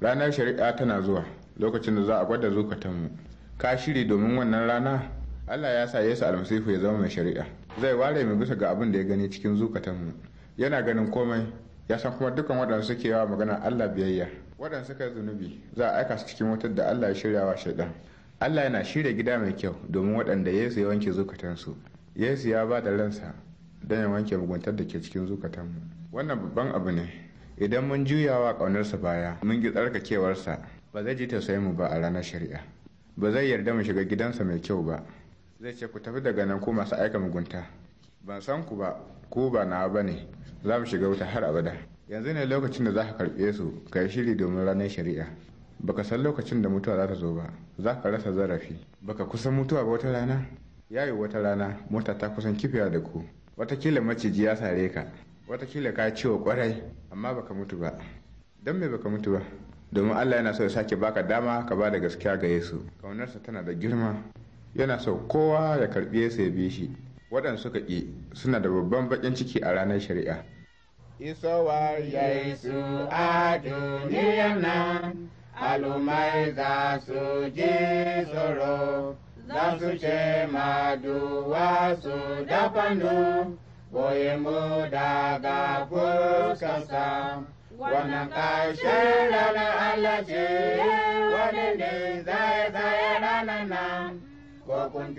ranar shari'a tana zuwa lokacin da za a gwada zukatanmu ka shiri domin wannan rana allah ya sa yesu almasihu ya zama mai shari'a zai ware mai bisa ga abin da ya gani cikin zukatanmu yana ganin komai ya san kuma dukkan waɗanda suke yawa magana allah biyayya waɗanda suka zunubi za a aika su cikin wutar da allah ya shirya wa shaidan allah yana shirya gida mai kyau domin waɗanda yesu ya wanke zukatansu yesu ya ba da ransa don ya wanke muguntar da ke cikin zukatanmu wannan babban abu ne idan mun juya wa ƙaunarsa baya mun ki tsarkakewarsa ba zai ji tausayin mu ba a ranar shari'a ba zai yarda mu shiga gidansa mai kyau ba zai ce ku tafi daga nan ko masu aika mugunta ban san ku ba ko ba na ba ne za mu shiga wuta har abada yanzu ne lokacin da za ka karɓe su ka yi shiri domin ranar shari'a baka san lokacin da mutuwa za ta zo ba za ka rasa zarafi baka kusan mutuwa ba wata rana yi wata rana mota ta kusan kifiya da ku watakila maciji ya sare ka watakila ka ciwo kwarai amma baka mutu ba don me baka mutu ba domin allah yana so ya sake baka dama ka ba da gaskiya ga yesu kaunarsa tana da girma yana so kowa ya karbi yesu ya bi shi Waɗansu suka ƙi suna da babban baƙin ciki a ranar shari'a isowar yesu a duniyar nan al'ummai za su ji tsoro za su ce maduwa su dafandu da ga fuskansa, wannan ƙarshen ranar Allah ce, wani ne zai zai ranar ko kun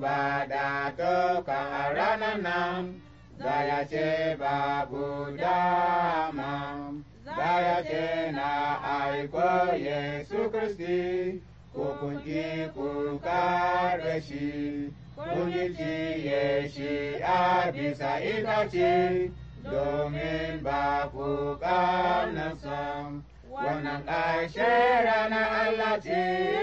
ba da toka ranana, ranar ba zaya ce babu dama, zaya na aiko Yesu Kristi, ko kun ki ku shi. Kungici ya shi abisa bisa itace domin ba ku ƙaunarsa. Wannan ƙarshe ranar Allah ce,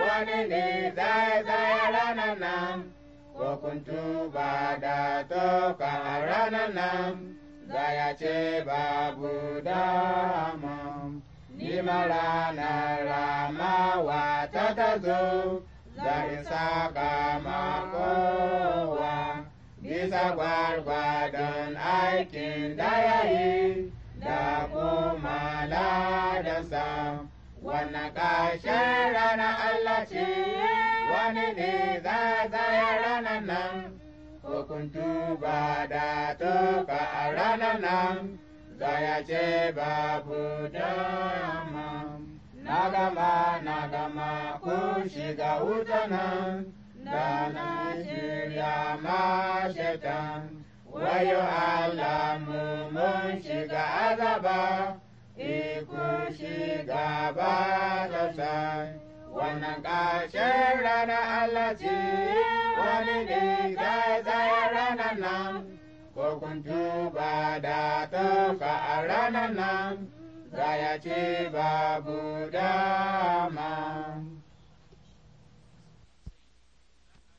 wani ne zai zai ranar nan, ko kun tuba da toka a ranar nan, zaya ce babu dama. Ni ma ranar ramawa ta ta zo, dari saka ma kowa bisa gwargwadon aikin da ya yi da kuma ladansa wannan rana Allah ce wani ne zazaya ranar nan hukuntu ba da tuka a ranar nan zaya ce babu dama. na gama na gama kun shiga wutanan na shirya ma shaitan wayo Allah mu mun shiga azaba ikun shiga ba da san wannan ƙarshen ranar Allah ce wani ne zai zai ranar nan ko kun tuba da tuka a ranar nan Buddha Babudama.